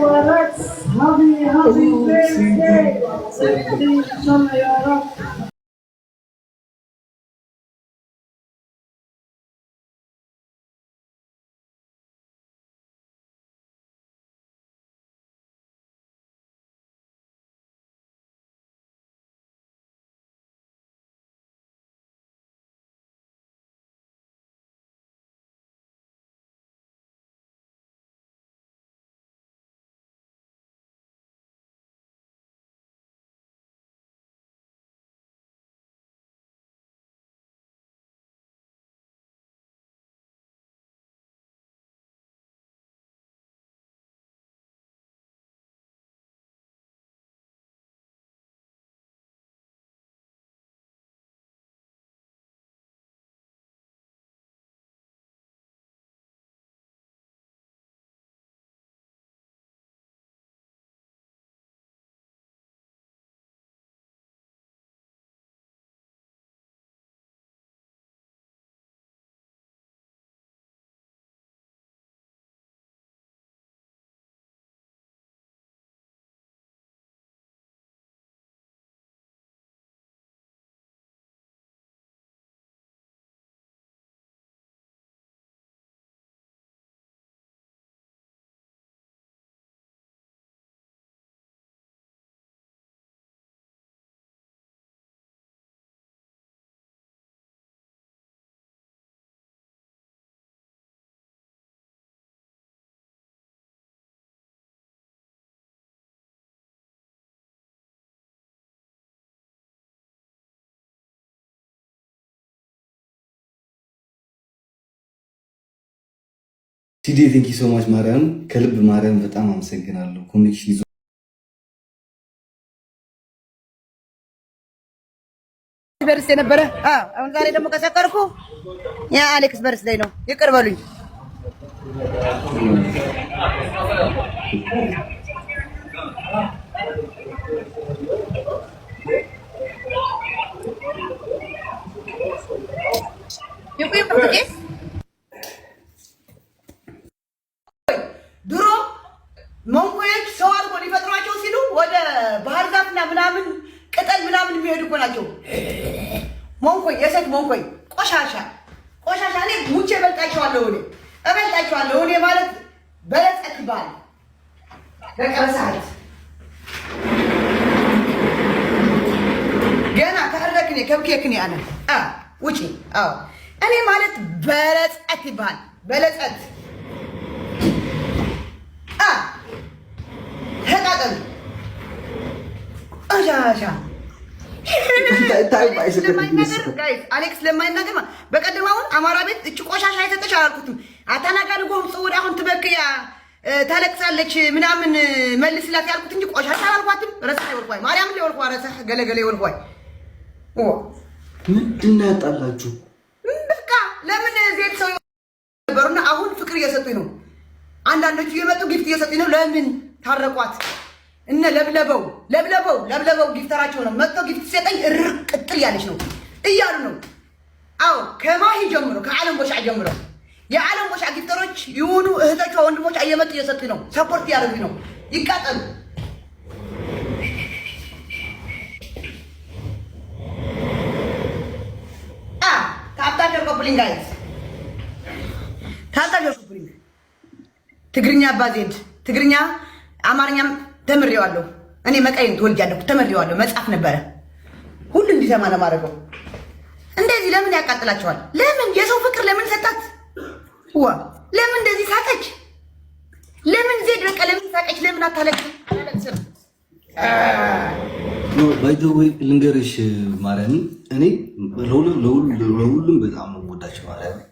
Happy, happy birthday. Happy birthday. ቲዲ ሶ ማች ማርያም ከልብ ማርያም በጣም አመሰግናለሁ። ኮኔክሽን ይዞ በርስ የነበረ አሁን ዛሬ ደግሞ ከሰከርኩ ያ አሌክስ በርስ ላይ ነው። ይቅር በሉኝ። ይቁይ ምናምን ቅጠል ምናምን የሚሄዱ እኮ ናቸው። ሞንኮይ የሴት ሞንኮይ ቆሻሻ ቆሻሻ። እኔ ሙቼ እበልጣቸዋለሁ። እኔ እበልጣቸዋለሁ። እኔ ማለት በለጸት ባል በቀሰት ገና ከረክኔ ከብኬክኔ አለ ውጪ። አዎ እኔ ማለት በለጸት ይባል በለጸት ተቃጠሉ አሌክስ ለማይናገር በቀደም አሁን አማራ ቤት እች ቆሻሻ አይሰጠች አላልኩትም። አታናጋሪ ጎምጾ ወደ አሁን ትበክያ ታለቅሳለች ምናምን መልስላት ያልኩት እንጂ ቆሻሻ አላልኳትም። ረሳ ይወልኳይ ማርያም ሊወልኳ ረሳ ገለገለ ይወልኳይ ምንድን ነው ያጣላችሁ? በቃ ለምን ዜት ሰው ነበሩና አሁን ፍቅር እየሰጡኝ ነው። አንዳንዶቹ እየመጡ ጊፍት እየሰጡኝ ነው። ለምን ታረቋት? እነ ለብለበው ለብለበው ለብለበው ጊፍተራቸው ነው መጥቶ ጊፍት ሲሰጠኝ እርር ቅጥል ያለች ነው እያሉ ነው። አዎ ከማሂ ጀምሮ ከዓለም ቦሻ ጀምሮ የዓለም ቦሻ ጊፍተሮች የሆኑ እህቶቿ ወንድሞች እየመጡ እየሰጡ ነው፣ ሰፖርት እያደረጉ ነው። ይቃጠሉ ታብታቸር ኮፕሊንግ አይዝ ትግርኛ አባዜድ ትግርኛ አማርኛም ተምሬዋለሁ። እኔ መቀይን ትወልጃለሁ ተምሬዋለሁ። መጽሐፍ ነበረ ሁሉ እንዲሰማ ማድረገው እንደዚህ ለምን ያቃጥላቸዋል? ለምን የሰው ፍቅር ለምን ሰጣት? ዋ ለምን እንደዚህ ሳቀች? ለምን ዜድ በቃ ለምን ሳቀች? ለምን ልንገርሽ ማርያምን እኔ ለሁሉም በጣም ወዳቸው ማርያምን